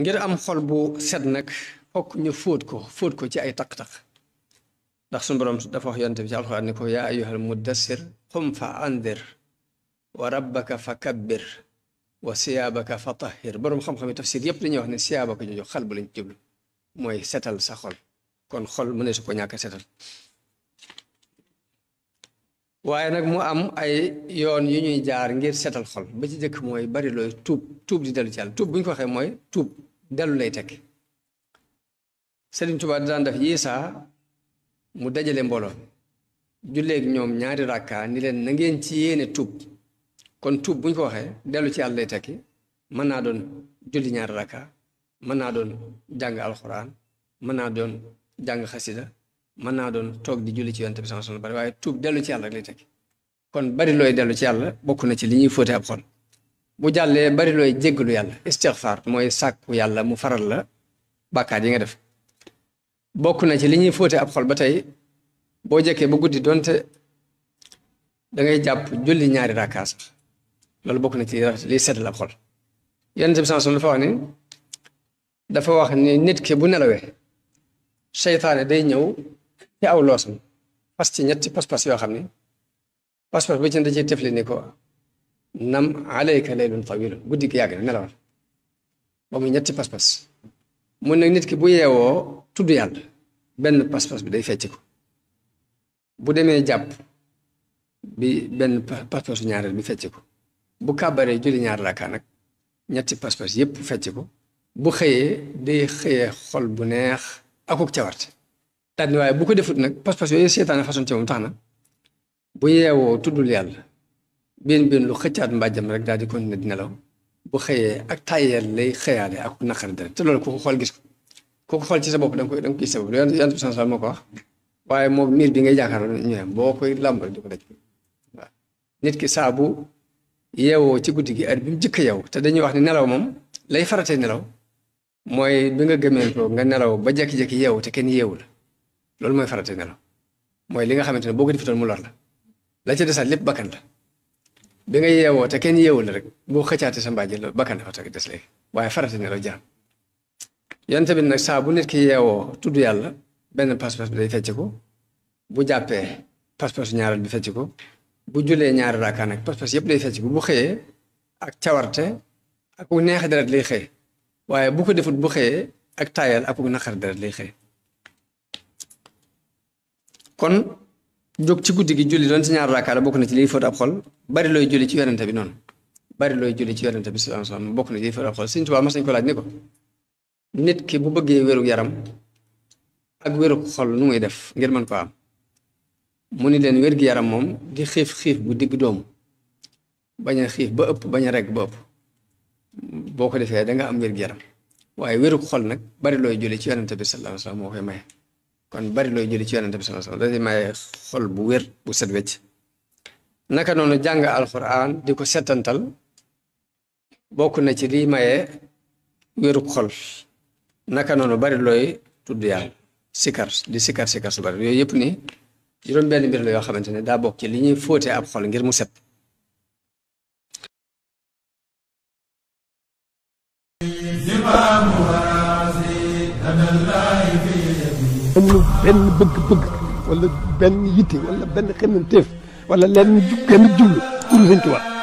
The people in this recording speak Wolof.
ngir am xol bu set nak fokk ñu fóot ko fóot ko ci ay tak tak ndax sun borom dafa wax yonte bi ci alquran ko ya ayyuhal mudassir qum fa andir wa rabbaka fakabbir wa siyabaka fatahhir borom xam-xam tafsir yep li ñu wax ne siyaabaka jooju xal bu lañ jublu moy setal sa xol kon xol mu ne su ko ñaka setal waaye nag mu am ay yoon yu ñuy jaar ngir setal xol ba ci jëkk mooy bari looy tuub tuub di dellu ci yàlla tuub bu ñu ko waxee mooy tuub dellu lay tekk Sëriñ Tuubaa daan def yi saa mu dajale mbooloo julleeg ñoom ñaari rakka ni leen na ngeen ci yéene tub kon tuub bu ñu ko waxee dellu ci yàlla lay tekki mën naa doon julli ñaari rakka mën naa doon jàng alxuraan mën naa doon jàng xasida mën naa doon toog di julli ci yonent bi sallallahu alayhi wasallam waaye tuub dellu ci yàlla rek lay teg kon bari looy dellu ci yàlla bokk na ci li ñuy fóote ab xol bu jàllee bari looy jéggalu yàlla istixfaar mooy sàkku yàlla mu faral la bàkkaar yi nga def bokk na ci li ñuy fóote ab xol ba tey boo jekkee ba guddi doonte da ngay jàpp julli ñaari rakkaas loolu bokk na ci li seddal ab xol yonent bi sallallahu alayhi wasallam dafa wax ni dafa wax ni nit ki bu nelawee seytaane day ñëw ci aw loosam fas ci ñetti pas yoo xam ne pas-pas bu ci ne da cee tefli ni ko nam alayka laylun tawilun guddi gi yàgg na nelawal ba mu ñetti pas-pas mun nag nit ki bu yeewoo tudd yàlla benn pas bi day fecc ko bu demee jàpp bi benn pas-pasu bi fecc ko bu kàbbaree julli ñaar rakkaa nag ñetti pas-pas yépp fecc ko bu xëyee day xëyee xol bu neex akuk cawarte daal di waaye bu ko defut nag pas-pas yooyu seetaane façon ci moom tax na bu yeewoo tuddul yàlla benn benn lu xëccaat mbàjjam rek daal di continuer di nelaw bu xëyee ak tàyyeel lay xëyaale ak naqari dara te loolu ku ko xool gis ko ku ko xool ci sa bopp da nga koy da nga koy sabab yonent yonent bi sallallahu moo ko wax waaye moom mir bi ngay jàkkaarloo ñu ne boo koy làmb rek di ko daj waaw nit ki bu yeewoo ci guddi gi at bi mu jëkk yow te dañuy wax ni nelaw moom lay faratee nelaw mooy bi nga gëmee ko nga nelaw ba jékki-jékki yeewu te kenn yeewu la loolu mooy farata nelaw mooy li nga xamante ne boo ko defitoon mu lor la la ca desaat lépp bakkan la bi nga yeewoo te kenn yeewul la rek boo xëccaatee sa mbàjj la bakkan dafa teg des léegi waaye farata nelaw jaam yan tamit nag saa bu nit ki yeewoo tudd yàlla benn pas bi day fecc ko bu jàppee pas-pasu bi fecc ko bu julee ñaari raakaa nag pas-pas yëpp day fecc ko bu xëyee ak cawarte ak u neex deret lay xëy waaye bu ko defut bu xëyee ak taayal ak u naqar deret lay xëy kon jóg ci guddi gi julli doon ci ñaar raakaar bokk na ci liy fóot ab xol bari looy julli ci werante bi noonu bari looy julli ci yonente bi sallallahu alayhi wasallam bokk na ci liy fóot ab xol Sëriñ Tuubaa ki bu bëggee wérug yaram ak wérug xol nu muy def ngir mën ko am mu ni leen wér gi yaram moom di xiif xiif bu digg doomu bañ a xiif ba ëpp bañ a regg boo ko defee da nga am wér yaram waaye wérug xol nag bari looy julli ci yonente bi sallallahu alayhi wasallam moo koy maye kon bari loy jël ci yonente bi sallallahu alayhi wasallam hol may xol bu wër bu set wecc naka nonu jang alquran di setantal bokku na ci li maye wëru xol naka nonu bari loy tuddu yaa sikar di sikar sikar su bari yoy yëpp ni juroom benn mbir la yoo xamantene ne daa bokk ci li ñuy fóote ab xol ngir mu set benn benn bëgg-bëgg wala benn yitte wala benn xemmanteef wala lenn ju benn jublu pour Sëñ Tuubaa